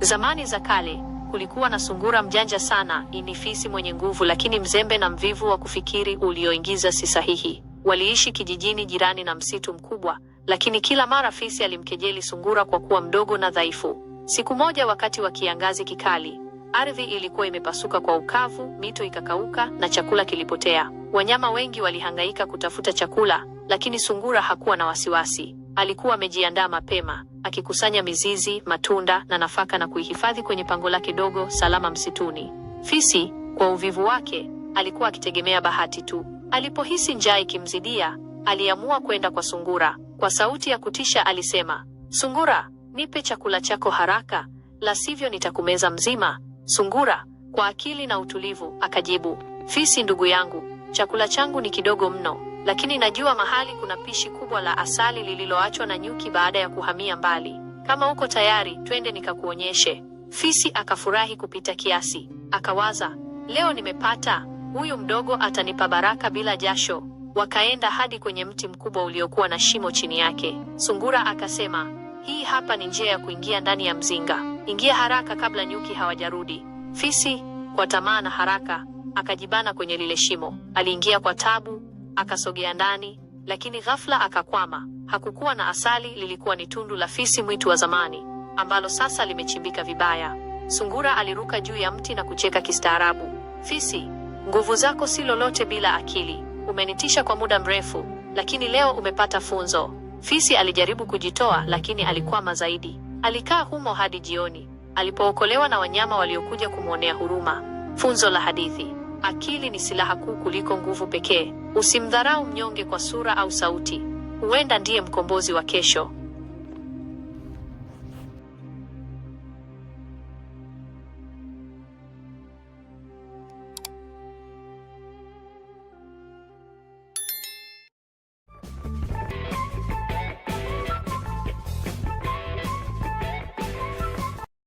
Zamani za kale kulikuwa na sungura mjanja sana, inifisi mwenye nguvu, lakini mzembe na mvivu wa kufikiri ulioingiza si sahihi. Waliishi kijijini jirani na msitu mkubwa, lakini kila mara fisi alimkejeli sungura kwa kuwa mdogo na dhaifu. Siku moja, wakati wa kiangazi kikali, ardhi ilikuwa imepasuka kwa ukavu, mito ikakauka na chakula kilipotea. Wanyama wengi walihangaika kutafuta chakula, lakini sungura hakuwa na wasiwasi. Alikuwa amejiandaa mapema, akikusanya mizizi, matunda na nafaka na kuihifadhi kwenye pango lake dogo salama msituni. Fisi kwa uvivu wake alikuwa akitegemea bahati tu. Alipohisi njaa ikimzidia, aliamua kwenda kwa Sungura. Kwa sauti ya kutisha alisema, Sungura, nipe chakula chako haraka, la sivyo nitakumeza mzima. Sungura kwa akili na utulivu akajibu, Fisi ndugu yangu, chakula changu ni kidogo mno lakini najua mahali kuna pishi kubwa la asali lililoachwa na nyuki baada ya kuhamia mbali. Kama uko tayari, twende nikakuonyeshe. Fisi akafurahi kupita kiasi, akawaza, leo nimepata huyu mdogo atanipa baraka bila jasho. Wakaenda hadi kwenye mti mkubwa uliokuwa na shimo chini yake. Sungura akasema, hii hapa ni njia ya kuingia ndani ya mzinga, ingia haraka kabla nyuki hawajarudi. Fisi kwa tamaa na haraka akajibana kwenye lile shimo. Aliingia kwa tabu, akasogea ndani, lakini ghafla akakwama. Hakukuwa na asali, lilikuwa ni tundu la fisi mwitu wa zamani ambalo sasa limechimbika vibaya. Sungura aliruka juu ya mti na kucheka kistaarabu. Fisi, nguvu zako si lolote bila akili. Umenitisha kwa muda mrefu, lakini leo umepata funzo. Fisi alijaribu kujitoa, lakini alikwama zaidi. Alikaa humo hadi jioni alipookolewa na wanyama waliokuja kumwonea huruma. Funzo la hadithi akili ni silaha kuu kuliko nguvu pekee. Usimdharau mnyonge kwa sura au sauti, huenda ndiye mkombozi wa kesho.